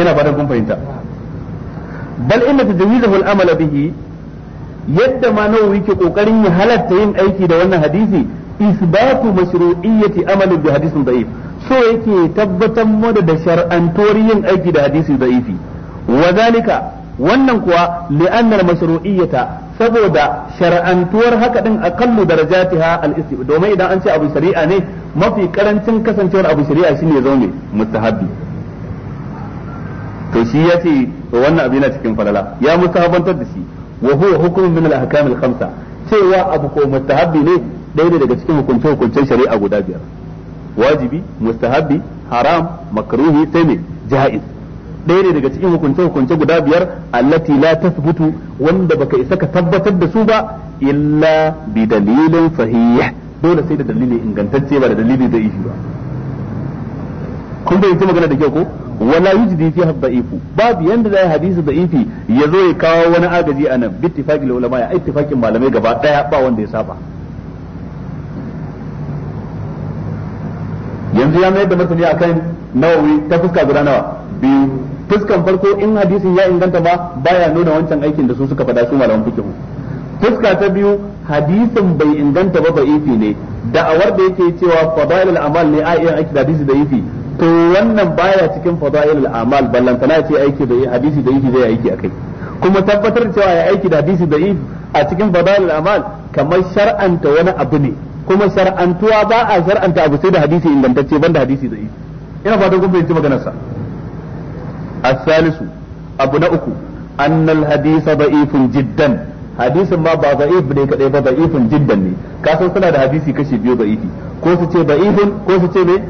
ina fatan kun fahimta bal inna tajwizahu al-amala bihi yadda ma nawawi ke kokarin ya halatta yin aiki da wannan hadisi isbatu mashru'iyyati amali bi hadisin da'if so yake tabbatar mada da shar'antuwar yin aiki da hadisi da'ifi wa zalika wannan kuwa li'anna al-mashru'iyyata saboda shar'antuwar haka din aqallu darajatiha al-istib domin idan an ce abu shari'a ne mafi karancin kasancewar abu shari'a shine ya zaune mustahabbi to shi ya ce wannan abu yana cikin falala ya musahabantar da shi wa huwa hukumun min al-ahkam al-khamsa cewa abu ko mustahabbi ne ɗaya daga cikin hukunce hukuncen shari'a guda biyar wajibi mustahabbi haram makruhi sai ne jaiz ɗaya ne daga cikin hukunce hukunce guda biyar allati la tasbutu wanda baka isa ka tabbatar da su ba illa bi dalilin sahih dole sai da dalili ingantacce ba da dalili da ihi ba kun bai magana da kyau ko wala yujdi fi da'ifu babu yanda zai hadisi da'ifi ya zo ya kawo wani agaji a nan bittifaqi ulama ya ittifaqin malamai gaba daya ba wanda ya saba yanzu ya mai da martani akan nawawi ta fuska guda nawa biyu fuskan farko in hadisin ya inganta ba baya nuna wancan aikin da su suka faɗa su malaman fiqh fuska ta biyu hadisin bai inganta ba ifi ne da'awar da yake cewa fadailul amal ne a iya aiki da hadisi ifi. to wannan baya cikin fadailul amal ballantana ce aiki da hadisi da yake zai aiki akai kuma tabbatar da cewa ya aiki da hadisi da a cikin fadailul amal kamar shar'anta wani abu ne kuma shar'antuwa ba a shar'anta abu sai da hadisi ingantacce banda hadisi da ina fatan kun fahimci maganar sa as-salisu abu na uku annal hadisa da'ifun jiddan hadisin ma ba da'if ne kadai ba da'ifun jiddan ne kasan suna da hadisi kashi biyu da'ifi ko su ce da'ifun ko su ce me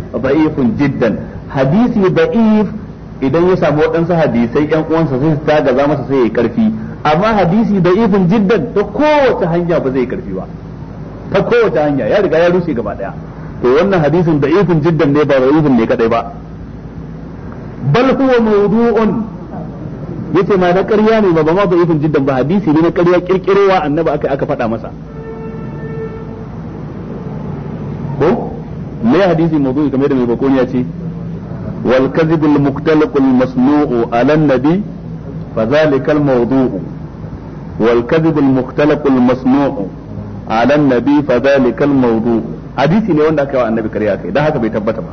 jiddan hadisi ba'if idan ya samu waɗansu hadisai yan uwansa sai su za masa sai ya yi karfi amma hadisi da'ifun jiddan ta kowace hanya ba zai yi karfi ba ta kowace hanya ya riga ya rushe gaba daya to wannan hadisin da'ifun jiddan ne ba da'ifun ne kadai ba bal huwa mawdu'un yace ma na ƙarya ne ba ba ma da'ifun jiddan ba hadisi ne na ƙarya kirkirowa annabi aka aka faɗa masa ko me hadisi mawdu'i kamar da mai bakoni ya ce wal kadhib al muqtalaq al masnu'u ala nabi fa dhalika al mawdu'u wal kadhib al muqtalaq al masnu'u ala nabi fa dhalika al mawdu'u hadisi ne wanda aka yi wa annabi kariya kai dan haka bai tabbata ba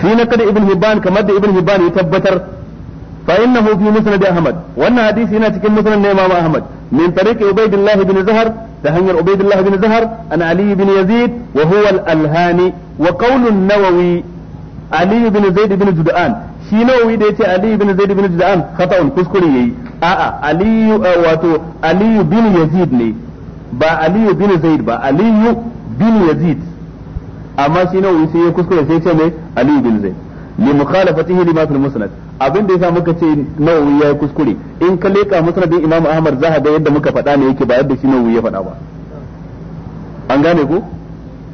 fi na kada ibn hibban kamar da ibn hibban ya tabbatar fa innahu fi musnad ahmad wannan hadisi yana cikin musnad na imam ahmad min tariqi ubaidillah ibn zahar ta hanyar Ubaidullah bin Zahar an Ali bin Yazid wa huwa al-Alhani wa qaulun Nawawi Ali bin Zaid bin Jud'an shi Nawawi da yace Ali bin Zaid bin Jud'an khata'un kuskure yayi a'a Ali eh, wato Ali bin Yazid ne ba Ali bin Zaid ba Ali bin Yazid amma shi Nawawi sai ya kuskure sai ya ce ne Ali bin Zaid li mukhalafatihi lima fil musnad abin da yasa muka ce nawawi yayi kuskure in ka leka musnadin imam ahmad za ga yadda muka fada ne yake ba yadda shi nawawi ya faɗa ba an gane ku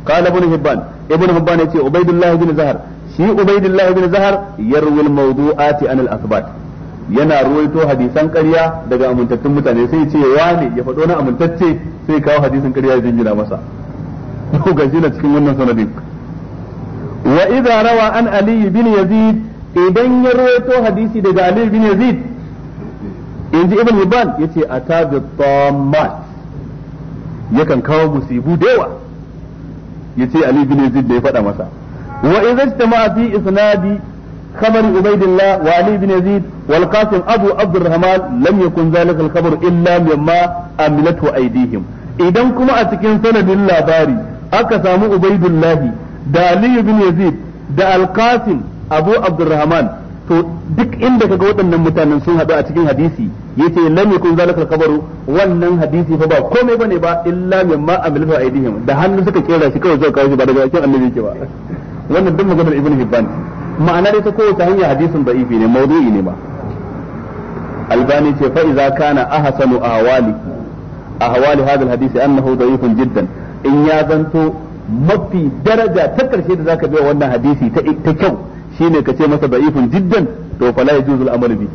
qala ibn hibban ibn hibban yace ubaidullah ibn zahar shi ubaidullah ibn zahar yarwi al mawdu'ati an al athbat yana ruwaito hadisan ƙarya daga amintattun mutane sai ce wani ya faɗo na amintacce sai kawo hadisin ƙarya ya jingina masa ko gaji na cikin wannan sanadin wa idza rawa an ali bin yazid idan ya rawaito hadisi daga ali bin yazid inji ibn hibban yace atabi tammat yakan kawo musibu da yawa yace ali bin yazid da ya faɗa masa wa idza isnadi خبر عبيد الله وعلي بن يزيد والقاسم أبو عبد الرحمن لم يكن ذلك الخبر إلا مما أملته أيديهم إذا كما أتكن سند اللاباري أكسام عبيد الله da aliyu bin Yazid da Al-Qasim Abu Abdurrahman to duk inda kaga waɗannan mutanen sun haɗu a cikin hadisi yace lam yakun zalika al-khabaru wannan hadisi fa ba komai bane ba illa mimma amilatu aydihim da hannu suka kera shi kawai zai kawo shi ba daga cikin annabi yake ba wannan duk maganar Ibn Hibban ma'ana dai ta kowace hanya hadisin da'ifi ne mawdu'i ne ba albani ce fa idza kana ahsanu ahwali ahwali hadha alhadisi annahu da'ifun jiddan in ya zanto mafi daraja ta karshe da zaka biya wannan hadisi ta ta kyau shine ka ce masa da'ifun jiddan to fala yajuzul amal bi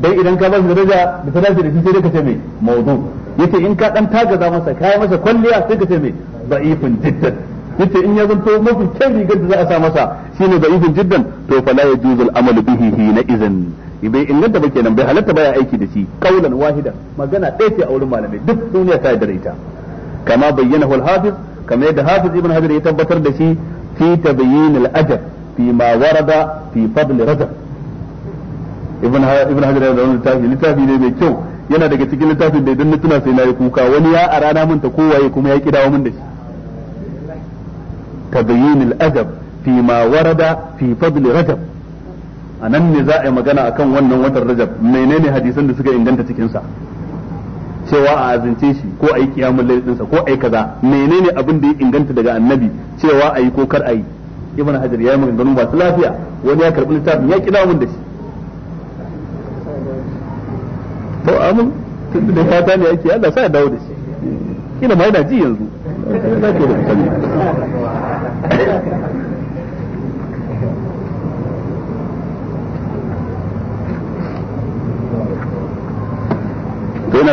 dai idan ka ba daraja da ta dace da shi sai ka ce mai mawdu yace in ka dan tagaza masa kai masa kwalliya sai ka ce mai da'ifun jiddan yace in ya zanto mafi kyau rigar da za a sa masa shine da'ifun jiddan to fala yajuzul amal bihi hina idan bai inganta ba kenan bai halatta baya aiki da shi kaulan wahida magana ɗaya ce a wurin malamai duk duniya ta yarda ita kama bayyana hul hafiz kamar yadda hafiz ibn hajar ya tabbatar da shi fi tabyin al-ajab fi ma warada fi fadl rajab ibn ibn hajar ya zauna littafi littafi ne mai kyau yana daga cikin littafin da idan na tuna sai na yi kuka wani ya a rana manta kowaye kuma ya kidawo min da shi tabyin al-ajab fi ma warada fi fadl rajab A nan ne za a yi magana akan wannan watan rajab menene hadisan da suka inganta cikinsa? sa cewa a azance shi ko a yi kiyamun laifinsa ko a yi kaza menene abin da ya inganta daga annabi cewa a yi ko kar a yi ibn hajar ya yi maganganu su lafiya wani ya karɓi littafin ya kira mun da shi to amin tun da fata ne yake Allah sa dawo da shi kina ma yana ji yanzu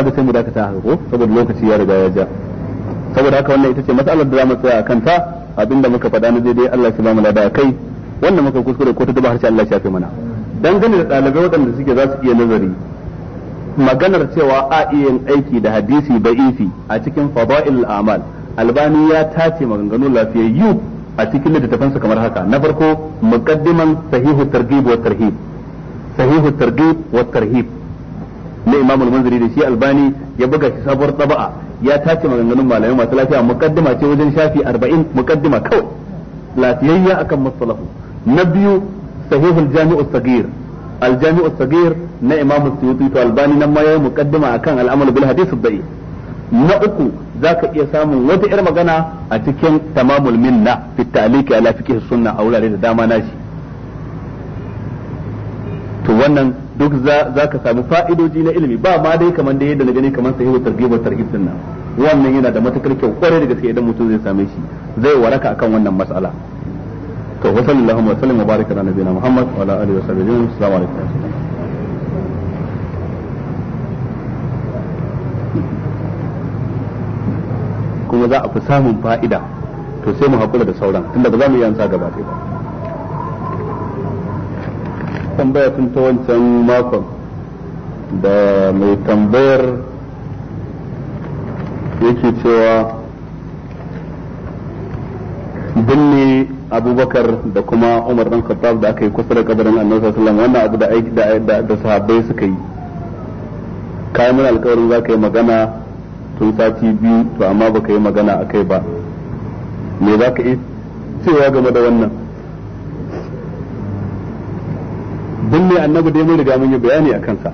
magana da sai mu dakata ko saboda lokaci ya riga ya ja saboda haka wannan ita ce matsalar da zamu tsaya akan ta abinda muka faɗa na daidai Allah ya ba mu lada kai wannan muka kuskure ko ta duba harshe Allah ya shafe mana dangane da ɗalibai waɗanda suke za su iya nazari maganar cewa a iya aiki da hadisi da'ifi a cikin fada'il amal albani ya tace maganganu lafiyayyu a cikin littattafansa kamar haka na farko muqaddiman sahihu targhib wa tarhib sahihu targhib wa tarhib na imamul al da shi Albani ya buga shi sabuwar tsaba'a ya tace maganganun malamai masu lafiya muqaddima ce wajen shafi 40 muqaddima kawai lafiyayya akan mustalahu na biyu sahihul jami'u sagir al-jami'u sagir na imamul Suyuti to Albani nan ma ya muqaddima akan al-amal bil hadith ad na uku zaka iya samun wata irin magana a cikin tamamul minna fi ta'liqi ala fiqh sunna a wurare da dama nashi to wannan duk za ka samu fa'idoji na ilimi ba ma dai kamar da yadda na gani kamar sahihu targhib wa targhib din nan wannan yana da matukar kyau kwarai da gaske idan mutum zai same shi zai waraka akan wannan mas'ala to wa sallallahu wa sallam wa baraka ala nabiyina muhammad wa ala alihi wa sahbihi assalamu alaikum kuma za a fi samun fa'ida to sai mu haƙura da sauran tunda ba za mu yi yansa gaba ɗaya ba tambaya tun ta wancan makon da mai tambayar yake cewa binne abubakar da kuma umar dan khattab da aka yi kusa da kabarin annabi sallallahu alaihi wannan abu da aiki da da sahabbai suka yi kai mun alƙawarin za ka yi magana tun sati biyu to amma baka yi magana akai ba me za ka yi cewa game da wannan binne annabi dai mun riga mun yi bayani a kansa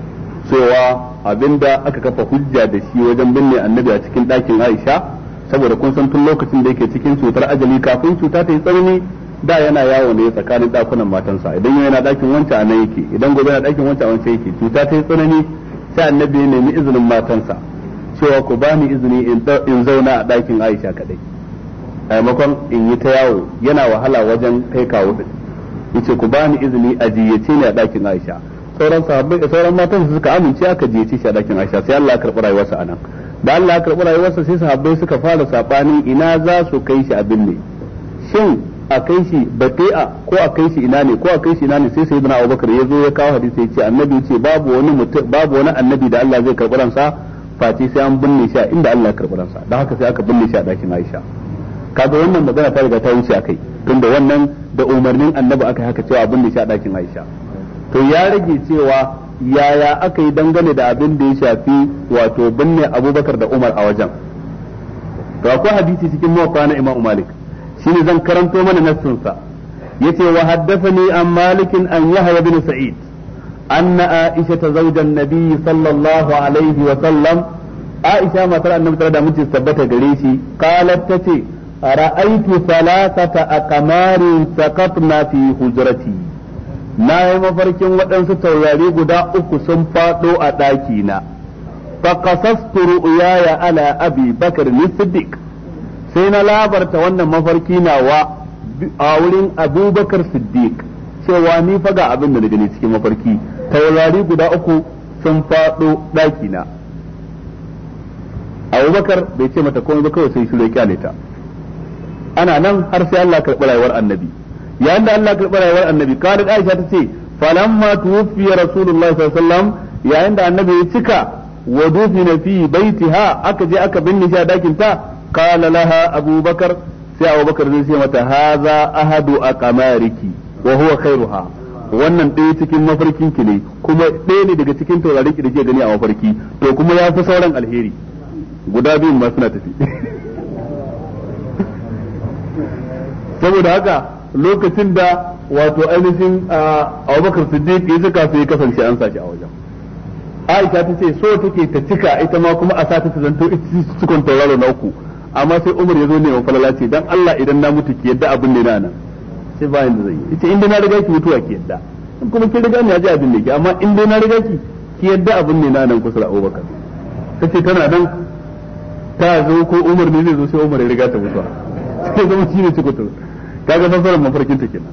cewa abinda aka kafa hujja da shi wajen binne annabi a cikin ɗakin Aisha saboda kun san tun lokacin da yake cikin cutar ajali kafin cuta ta yi tsanani da yana yawo ne tsakanin ɗakunan matansa idan yana ɗakin wancan nan yake idan gobe yana ɗakin wancan wancan yake cuta ta yi tsanani sai annabi ya nemi izinin matansa cewa ku ba ni izini in zauna a ɗakin Aisha kaɗai a maimakon in yi ta yawo yana wahala wajen kai kawo yace ku bani izini a jiyace ni a dakin Aisha sauran sahabbai sauran matan su suka amince aka jiyace shi a dakin Aisha sai Allah ya karbi rayuwarsa anan da Allah ya karbi rayuwarsa sai sahabbai suka fara sabani ina za su kai shi abin ne shin a kai shi bati'a ko a kai shi ina ne ko a kai shi ina ne sai sai ibn Abubakar ya zo ya kawo hadisi ya ce annabi ce babu wani mutum babu wani annabi da Allah zai karbi ransa face sai an binne shi a inda Allah ya karbi ransa don haka sai aka binne shi a dakin Aisha kaga wannan magana ta riga ta wuce akai kai tunda wannan da umarnin annabi aka haka cewa abin da ya sha ɗakin Aisha to ya rage cewa yaya aka yi dangane da abin da ya shafi wato binne Abubakar da Umar a wajen to akwai hadisi cikin muwatta na Imam Malik shine zan karanto mana nassin Ya yace wa haddathani an malikin an yahya bin sa'id أن عائشة زوج النبي صلى الله عليه وسلم عائشة ما ترى أنه ترى دامت استبتها قريشي قالت تتي ra'aitu salasata aqmarin saqatna fi hujrati na yi mafarkin waɗansu taurari guda uku sun faɗo a ɗakina faƙasastu ru'yaya ala abi bakar ni siddiq sai na labarta wannan mafarki nawa a wurin abubakar siddiq cewa ni fa abin da na gani cikin mafarki taurari guda uku sun faɗo ɗakina bakar bai ce mata komai ba kawai sai shi ya kyale ta ana nan har sai Allah karɓi rayuwar annabi yayin da Allah karɓi rayuwar annabi kada Aisha ta ce falamma tuwfiya rasulullahi sallallahu alaihi wasallam yayin da annabi ya cika wa dufina fi baitiha aka je aka binne shi a dakin ta qala laha abubakar sai abubakar zai ce mata haza ahadu aqamariki wa huwa khairuha wannan ɗaya cikin mafarkin ki ne kuma ɗaya ne daga cikin taurarin ki da ke gani a mafarki to kuma ya fi sauran alheri guda biyun ma suna tafi saboda haka lokacin da wato ainihin Abubakar Siddiq ya su sai kasance an sashi a wajen Aisha ta ce so take ta cika ita ma kuma a sa ta zanto ita sukun tauraro na uku amma sai Umar ya zo ne wa falala ce dan Allah idan na mutu ki yadda abin da na nan sai bayan da zai yi ita inda na riga ki mutuwa ki yadda in kuma ki riga ni ya ji abin da ki amma inda na riga ki ki yadda abin ne na nan kusa da Abubakar ce tana nan ta zo ko Umar ne zai zo sai Umar ya riga ta mutuwa sai zama shine tukutur kaga fassarar mafarkin ta kenan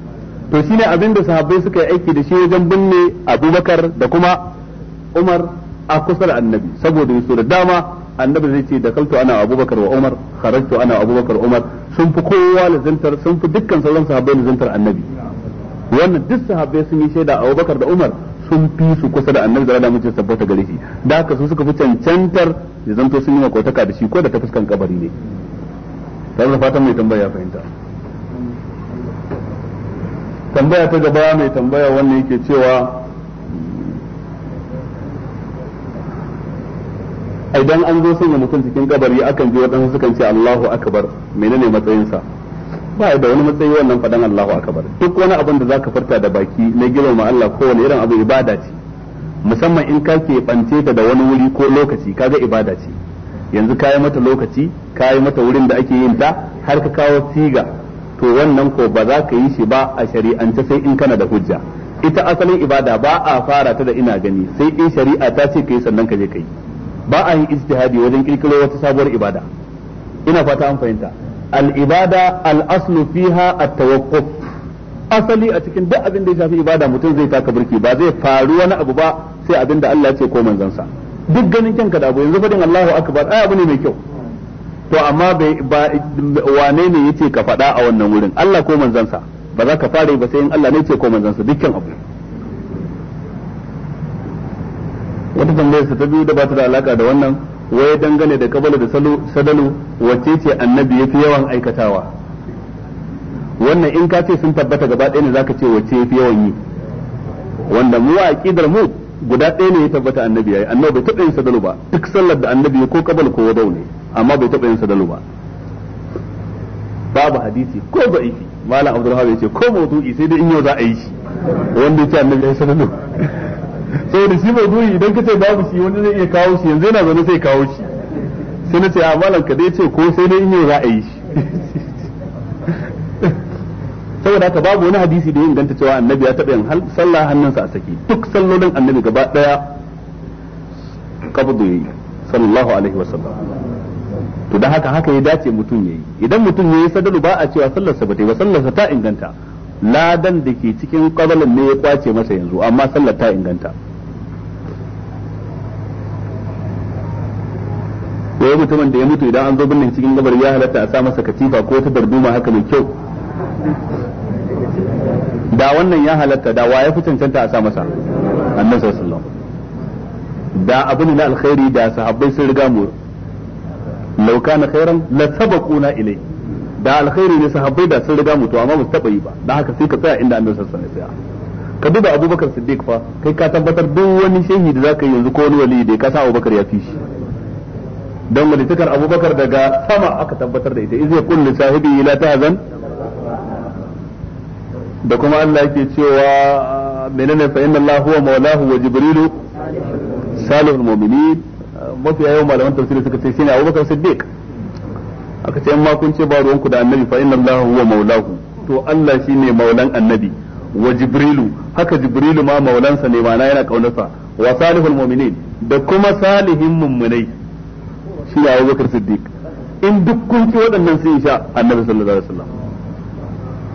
to shine abin da sahabbai suka yi aiki da shi wajen binne Abubakar da kuma Umar a kusa da Annabi saboda yaso da dama Annabi zai ce da kaltu ana Abubakar wa Umar kharajtu ana Abubakar Umar sun fi kowa zantar sun fi dukkan sauran sahabbai zantar Annabi wannan duk sahabbai sun yi shaida Abubakar da Umar sun fi su kusa da annabi da mutum sabbata gare shi da haka su suka fi cancantar ya zanto sun yi makotaka da shi ko da ta fuskan kabari ne ga fatan mai tambaya fahimta tambaya ta gaba mai tambaya wannan yake cewa idan an zo sanya mutum cikin kabari akan ji waɗansu sukan ce Allahu akbar menene matsayinsa ba da wani matsayi wannan faɗan Allahu akbar duk wani abin da zaka furta da baki na girmama Allah kowane irin abu ibada ce musamman in ka ke ɓance ta da wani wuri ko lokaci kaga ibada ce yanzu kayi mata lokaci kayi mata wurin da ake yin ta har ka kawo siga to wannan ko ba za ka yi shi ba a shari'ance sai in kana da hujja ita asalin ibada ba a fara ta da ina gani sai in shari'a ta ce kai sannan ka je kai ba a yin ijtihadi wajen kirkiro wata sabuwar ibada ina fata an fahimta al ibada al aslu fiha at tawaqquf asali a cikin duk abin da ya shafi ibada mutum zai taka burki ba zai faru wani abu ba sai abin da Allah ya ce ko manzon sa duk ganin kanka da abu yanzu fadin Allahu akbar ai abu ne mai kyau to amma ba wane ne yace ka faɗa a wannan wurin Allah ko sa ba za ka fara ba sai in Allah ne yace ko sa dukkan abu wata tambayar sa ta biyu da ba ta da alaka da wannan waye dangane da kabala da salo sadalu wacce ce annabi yafi yawan aikatawa wannan in ka ce sun tabbata gaba ɗaya ne zaka ce wacce yafi yawan yi wanda mu a aqidar mu guda ɗaya ne ya tabbata annabi yi annabi bai taɓa yin sadalu ba duk sallar da annabi ko kabal ko wadau ne amma bai taɓa yin sadalu ba babu hadisi ko da'ifi malam abdullahi ya ce ko mawdu'i sai dai in yau za a yi shi wanda ya ce annabi ya yi sadalu saboda shi mawdu'i idan ka ce babu shi wani zai iya kawo shi yanzu yana zaune sai kawo shi sai na ce a malam ka dai ce ko sai dai in yau za a yi shi saboda haka babu wani hadisi da ya inganta cewa annabi ya taɓa yin sallah hannunsa a saki duk sallolin annabi gaba ɗaya ya yi sallallahu alaihi sallam to da haka haka ya dace mutum ya yi idan mutum ya yi sadalu ba a cewa sallarsa ba ta yi ba sallarsa ta inganta ladan da ke cikin qabalin ne ya kwace masa yanzu amma sallar ta inganta wai mutumin da ya mutu idan an zo binne cikin gabar ya halatta a sa masa katifa ko ta darduma haka mai kyau da wannan ya halatta da wa ya fi cancanta a sa masa annabi sallallahu da abin na alkhairi da sahabbai sun riga mu lauka na khairan la sabaquna ilai da alkhairi ne sahabbai da sun riga mu to amma ba su taba yi ba dan haka sai ka tsaya inda annabi sallallahu alaihi wasallam ka duba abubakar siddiq fa kai ka tabbatar duk wani shehi da zaka yi yanzu ko wani wali da ka sa abubakar ya fi shi dan walitakar abubakar daga sama aka tabbatar da ita izai kullu sahibi la tahzan da kuma Allah yake cewa menene fa inna Allah huwa mawlahu wa jibrilu salihul mu'minin mafi yawan malaman tafsiri suka ce shine Abubakar Siddiq aka ce amma kun ce ba ruwanku da annabi fa inna Allah huwa mawlahu to Allah shine maulan annabi wa jibrilu haka jibrilu ma maulansa ne na yana kaunarsa wa salihul mu'minin da kuma salihin mummunai shi Abubakar Siddiq in duk kun ci waɗannan sun sha annabi sallallahu alaihi wasallam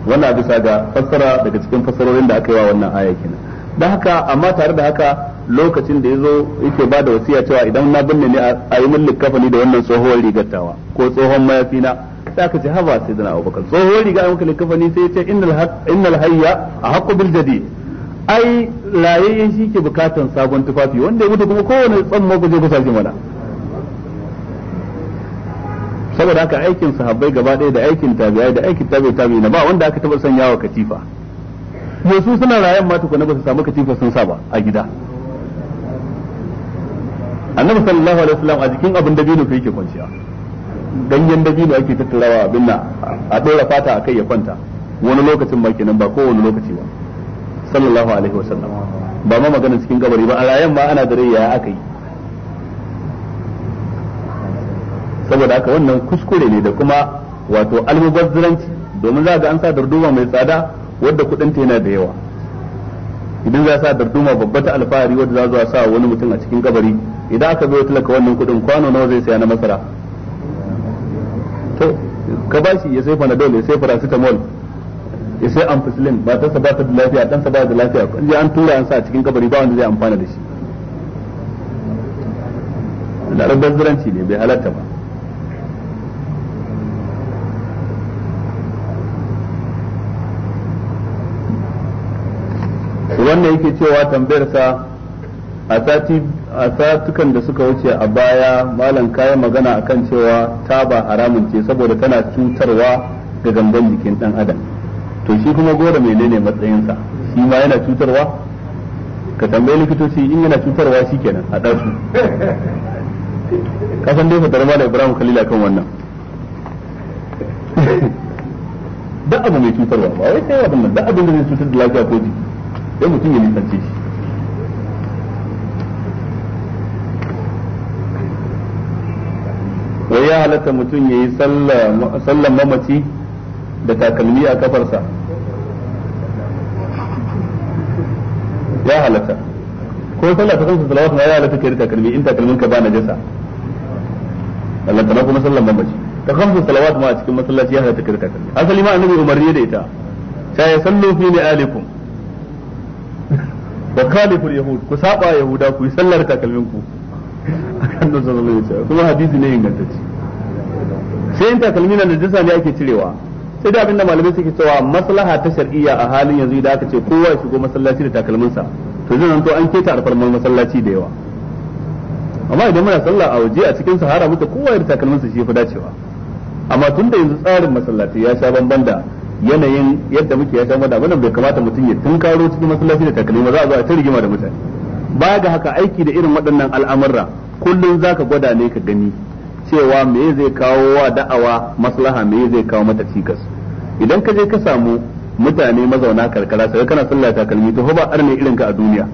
wannan bisa ga fassara daga cikin fassarorin da aka yi wa wannan aya kenan da haka amma tare da haka lokacin da yazo yake ba da wasiya cewa idan na binne ne a yi min likafani da wannan tsohuwar rigattawa ko tsohon mayafi na sai aka ce haba sai da Abubakar tsohuwar riga an maka likafani sai ya ce innal hayya a haqqu bil jadid ai layayyen shi ke bukatan sabon tufafi wanda ya mutu kuma kowane tsammo ku je ku mana saboda haka aikin sahabbai gaba ɗaya da aikin tabi'ai da aikin tabi'i tabi na ba wanda aka taba wa katifa yanzu suna rayan ma tukuna ba su samu katifa sun sa ba a gida annabi sallallahu alaihi wasallam a jikin abin da bino yake kwanciya ganyen bino ake tattarawa abin nan a dora fata akai ya kwanta wani lokacin ba kenan ba ko wani lokaci ba sallallahu alaihi wasallam ba ma magana cikin gabari ba a rayan ma ana da rai yaya aka yi saboda haka wannan kuskure ne da kuma wato almubazzaranci domin za ga an sa darduma mai tsada wadda kudin ta yana da yawa idan za sa darduma babba ta alfahari wadda za zuwa sa wani mutum a cikin kabari idan aka zo talaka wannan kudin kwano nawa zai saya na masara to ka bashi ya sai panadol ya sai paracetamol ya sai ampicillin ba ta saba ta da lafiya dan saba da lafiya kun an tura an sa a cikin kabari ba wanda zai amfana da shi da rabbar zuranci ne bai halatta ba yake cewa tambayar a sati a satukan da suka wuce a baya malam kayan magana akan cewa taba haramun ce saboda tana cutarwa ga gangan jikin dan adam to shi kuma gora menene matsayinsa shi ma yana cutarwa ka tambayi likitoci in yana cutarwa shi kenan a ɗansu kasan dai fatar ma da ibrahim khalila kan wannan duk abu mai cutarwa ba wai sai abin nan duk abin da zai cutar da lafiya ko jiki sai mutum ya nisance shi wai ya halatta mutum ya yi sallan mamaci da takalmi a kafarsa ya halatta ko sallah ta kansa salawat ma ya halatta yi takalmi in takalmin ka ba na jasa Allah ta kuma sallan mamaci ta kansa salawat ma a cikin masallaci ya halatta yi takalmi asali ma annabi umarni da ita sai sallu fi ali alikum wa khaliful yahud ku saba yahuda ku yi sallar takalmin ku annabi sallallahu alaihi wasallam kuma hadisi ne ingantacce sai in takalmi na najasa ne ake cirewa sai da abinda malamai suke cewa maslaha ta shar'iyya a halin yanzu idan aka ce kowa ya shigo masallaci da takalminsa to zai zanto an keta alfarman masallaci da yawa amma idan muna sallah a waje a cikin sahara muka kowa da takalminsa shi fi dacewa amma tun da yanzu tsarin masallaci ya sha bamban da yanayin yadda muke ya shan wada wannan bai kamata mutum ya tunkaro cikin masallaci da takalmi ba za a zo a ta rigima da mutane baya ga haka aiki da irin waɗannan al'amurra kullum zaka gwada ne ka gani cewa me zai kawo wa da'awa maslaha me zai kawo mata cikas idan ka je ka samu mutane mazauna karkara sai kana sallah takalmi to ba arme irin ka a duniya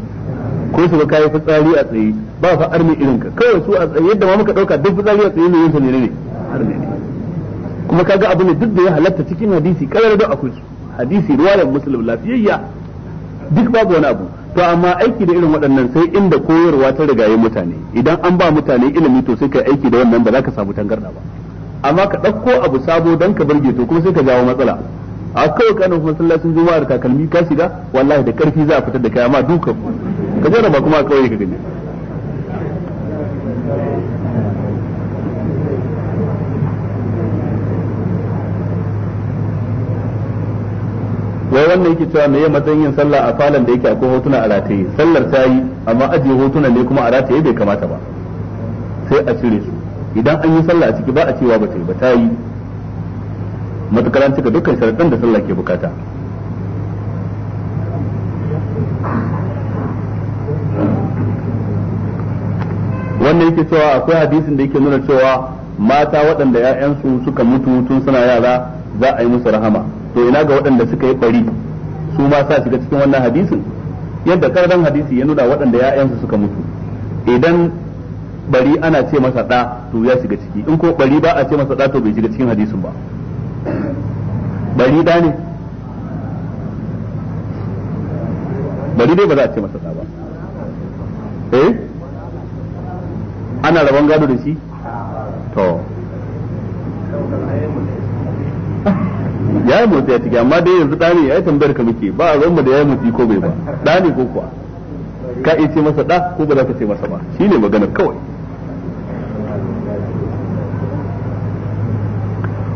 ko su ga kai fitsari a tsaye ba fa arme irin ka kawai su a tsaye yadda ma muka dauka duk fitsari a tsaye ne yin ne ne arme ne kuma kaga abu ne duk da ya halatta cikin hadisi karar da akwai su hadisi riwayar muslim lafiyayya duk babu wani abu to amma aiki da irin waɗannan sai inda koyarwa ta rigaye mutane idan an ba mutane ilimi to sai ka aiki da wannan ba za ka samu tangarda ba amma ka ɗauko abu sabo don ka burge to kuma sai ka jawo matsala a kawai ka nufi masallacin juma'a da takalmi ka shiga wallahi da karfi za a fitar da kai amma dukan ka jarraba kuma a kawai ka gani wannan yake cewa me ya matsayin yin sallah a falon da yake akwai hotuna a rataye sallar ta yi amma ajiye hotuna ne kuma a rataye bai kamata ba sai a cire su idan an yi sallah a ciki ba a cewa ba ta yi ba ta yi matukar an cika dukkan sharaɗin da sallah ke bukata wannan yake cewa akwai hadisin da yake nuna cewa mata waɗanda 'ya'yansu suka mutu tun suna yara za a yi musu rahama to ina ga waɗanda suka yi ɓari. su ma sa shiga cikin wannan hadisin yadda karban hadisi ya nuna waɗanda ya'yansu suka mutu idan bari ana ce masa ɗa to ya shiga ciki in ko bari ba a ce masa ɗa to bai shiga cikin hadisin ba bari ɗa ne bari dai ba za a ce masa ɗa ba eh ana rabon gado da shi to ya yi motsi a ciki amma dai yanzu ɗani ya yi tambayar ka muke ba a mu da ya yi motsi ko bai ba ɗani ko kuwa ka iya ce masa ɗa ko ba za ka ce masa ba shi ne maganar kawai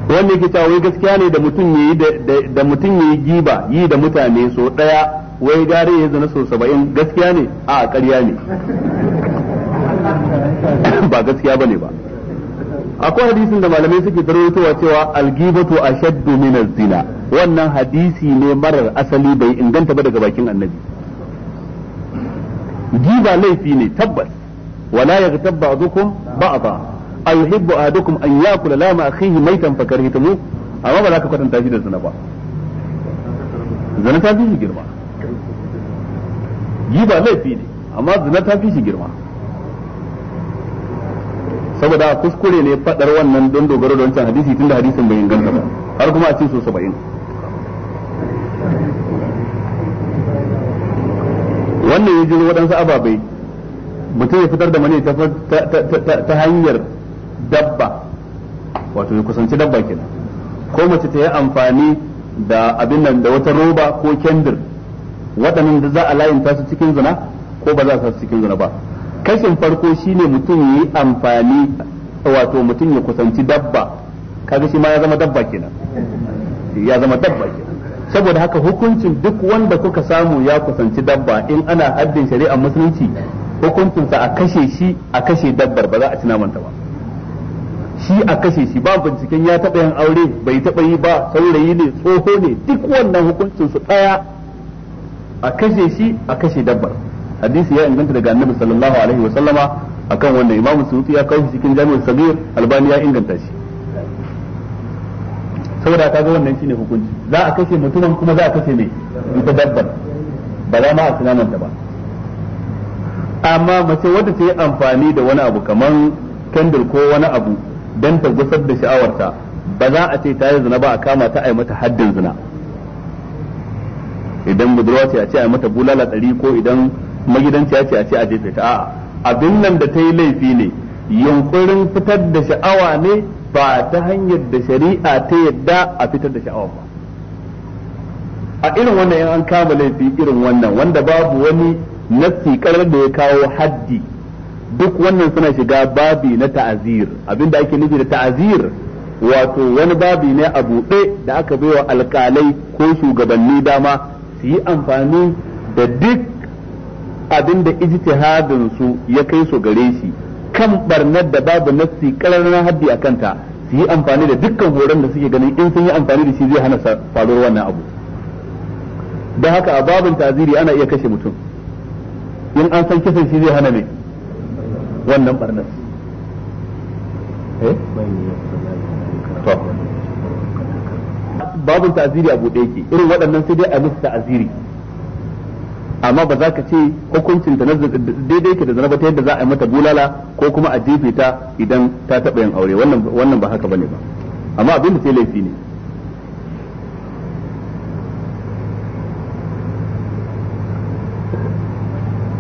wanda yake cewa wai gaskiya ne da mutum ya yi da mutum ya yi giba yi da mutane so ɗaya wai gare ya zana so saba'in gaskiya ne a ƙarya ne ba gaskiya ba ne ba akwai hadisin da malamai suke tarwaitowa cewa algibatu ashaddu min az-zina wannan hadisi ne marar asali bai inganta ba daga bakin annabi giba laifi ne tabbas wala tabba a ba'dukum ba'dha ayuhibbu ahadukum an yakula lama mai maitan hitamu. amma ba za ka kwatanta shi da zina ba zina ta fi shi girma giba laifi ne amma zina ta fi shi girma saboda kuskure ne fadar wannan don dogaro da wancan hadisi tunda hadisin bai inganta ba har kuma a ce so 70 wannan ya jiro waɗansu ababai mutum ya fitar da mani ta hanyar dabba wato ya kusanci dabba kenan ko mace ta yi amfani da abin nan da wata roba ko kendir waɗannan da za a layin tasu cikin zina ko ba za a tasu cikin zina ba kashin farko shine mutum yi amfani wato mutum ya kusanci dabba kaga shi ma ya zama dabba kenan ya zama dabba saboda haka hukuncin duk wanda kuka samu ya kusanci dabba in ana haddin shari'ar musulunci hukuncinsa a kashe shi a kashe dabbar ba za a ci namanta ba shi a kashe shi ba binciken ya taɓa yin aure bai taɓa yi ba saurayi ne tsoho ne duk wannan hukuncin su ɗaya a kashe shi a kashe dabbar hadisi ya inganta daga annabi sallallahu alaihi wa sallama akan wanda Imam suyuti ya kawo cikin jami'u sabir albani ya inganta shi saboda ka ga wannan shine hukunci za a kashe mutumin kuma za a kashe ne ita dabbar ba za ma a tunananta ba amma mace wadda ta yi amfani da wani abu kamar kendir ko wani abu don ta gusar da sha'awarta ba za a ce ta yi zina ba a kama ta ai mata haddin zina idan budurwa ce a ce ai mata bulala ɗari ko idan ya ce a ce a jefe ta a'a abin nan da ta yi laifi ne yunkurin fitar da sha'awa ne ba ta hanyar da shari'a ta yadda a fitar da sha'awa ba a irin wannan in an kama laifi irin wannan wanda babu wani nafi karar da ya kawo haddi duk wannan suna shiga babi na ta'azir abinda ake nufi da ta'azir wato wani babi ne a buɗe da aka baiwa alkalai ko shugabanni dama su yi amfani da duk abinda ijtihadin su ya kai su gare shi kan barnar da babu nassi kararar haddi a kanta su yi amfani da dukkan horon da suke ganin in sun yi amfani da shi zai hana faruwar wannan abu don haka a babin taziri ana iya kashe mutum in an san kisan shi zai hana mai wannan barnar eh? babin taziri abu ɗaya ke irin waɗannan sai dai a musu taziri amma ba za ka ce hukuncin ta daidai ke da zanaba ba ta yadda za a yi mata bulala ko kuma a jefe ta idan ta taɓa yin aure wannan ba haka bane ba amma abin da ce laifi ne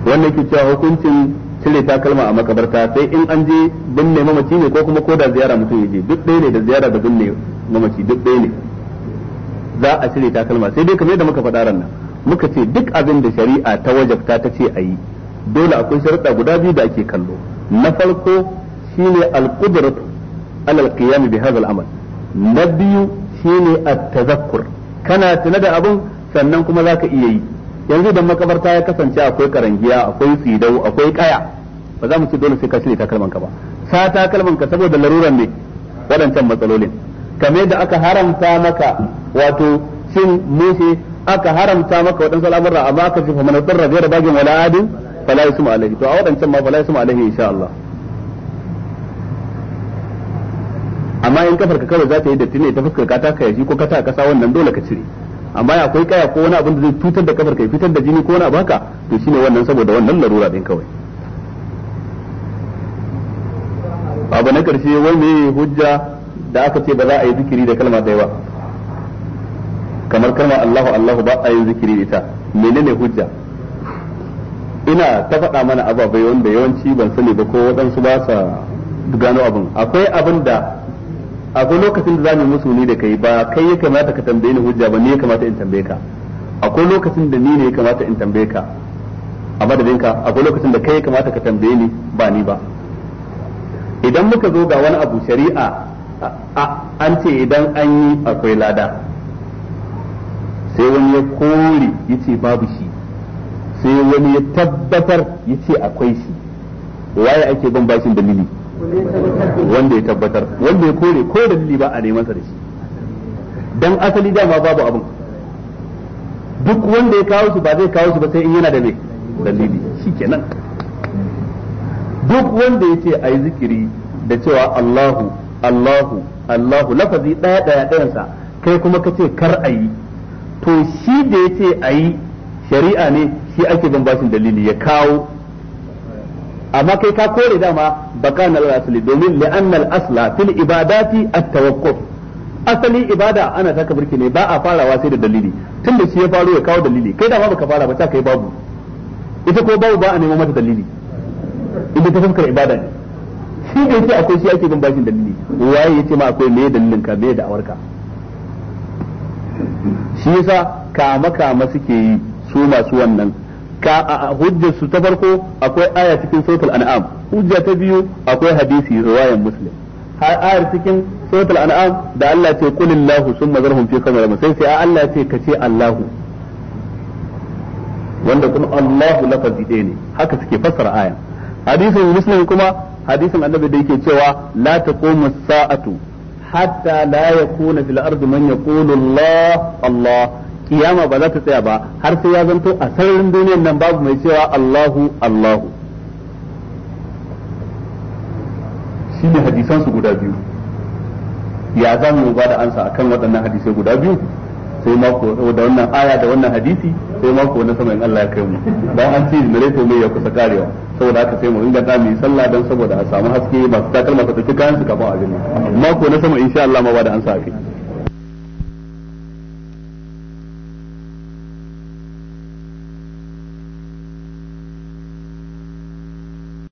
wannan ke cewa hukuncin cire takalma a makabarta sai in an je binne mamaci ne ko kuma ko da ziyara mutum ya je duk ɗaya ne da ziyara da binne mamaci duk ɗaya ne za a cire takalma sai dai kamar yadda muka faɗa ran nan muka ce duk abin da shari'a ta wajabta ta ce a yi dole akwai sharuɗa guda biyu da ake kallo na farko shine al-qudrat ala al-qiyam bi hadha al-amal na biyu shine at-tadhakkur kana tuna da abun sannan kuma zaka iya yi yanzu idan makabarta ya kasance akwai karangiya akwai tsidau akwai kaya ba za mu ce dole sai ka shirya takalman ka ba sa takalman ka saboda laruran ne waɗancan matsalolin kamar da aka haramta maka wato cin mushe aka haramta maka waɗansu al'amurra amma aka shi fa man tsarra da bagin wala adin fala yusma alaihi to a waɗancan ma fala yusma alaihi insha Allah amma in kafar ka kawai za ta yi datti ne ta fuskar ka ta kai shi ko ka ta kasa wannan dole ka cire amma ya akwai kaya ko wani abin da zai tutar da kafar ka fitar da jini ko wani abaka to shine wannan saboda wannan larura din kawai abu na karshe wani hujja da aka ce ba za a yi zikiri da kalma ɗaya ba kamar kalmar Allahu Allahu ba a yin zikiri ita menene hujja ina ta faɗa mana ababai wanda yawanci ban sani ba ko waɗansu ba sa gano abin akwai abin da akwai lokacin da zamu musu ni da kai ba kai ya kamata ka tambaye ni hujja ba ni ya kamata in tambaye ka akwai lokacin da ni ne ya kamata in tambaye ka a madadin ka akwai lokacin da kai ya kamata ka tambaye ni ba ni ba idan muka zo ga wani abu shari'a an ce idan an yi akwai lada sai wani ya kore ya ce babu shi sai wani ya tabbatar ya ce akwai shi waye ake ban bashin dalili wanda ya tabbatar wanda ya kore ko dalili ba a neman sa da shi dan asali dama babu abin duk wanda ya kawo shi ba zai kawo shi ba sai in yana da me dalili shikenan duk wanda ya ce ayi zikiri da cewa Allahu Allahu Allahu lafazi daya daya dayansa kai kuma kace kar ayi to shi da ya ce a yi shari'a ne shi ake ban bashin dalili ya kawo amma kai ka kore dama baka na asali domin li'anna asla fil ibadati at-tawakkuf asali ibada ana taka birki ne ba a farawa sai da dalili tun da shi ya faro ya kawo dalili kai dama baka fara ba ta kai babu ita ko babu ba a neman mata dalili inda ta fuskar ibada ne shi da yace akwai shi ake bin bashin dalili waye yace ma akwai me dalilin ka me da awarka shi yasa kama kama suke yi su masu wannan ka hujjar su ta farko akwai aya cikin sautul an'am hujja ta biyu akwai hadisi riwayan muslim har ayar cikin sautul an'am da Allah ce kulillahu summa zarhum fi kamar sai sai Allah ce ka ce Allahu wanda kuma Allahu lafazi ɗaya ne haka suke fassara ayan hadisin muslim kuma hadisin annabi da yake cewa la taqumu sa'atu hatta la yakuna fil ardi man yaqulu Allah Allah kiyama ba za ta tsaya ba har sai ya zanto a sararin duniyar nan babu mai cewa Allahu Allahu shine hadisan su guda biyu ya zamu ba da ansa akan waɗannan hadisai guda biyu sai mako da wannan aya da wannan hadisi sai mako na sama in Allah ya kai mu dan an ce to mai ya kusa karewa saboda haka sai mu inga da mai sallah dan saboda a samu haske masu takalma su tafi kayan su kafa a gani mako na sama insha Allah ma ba da an sa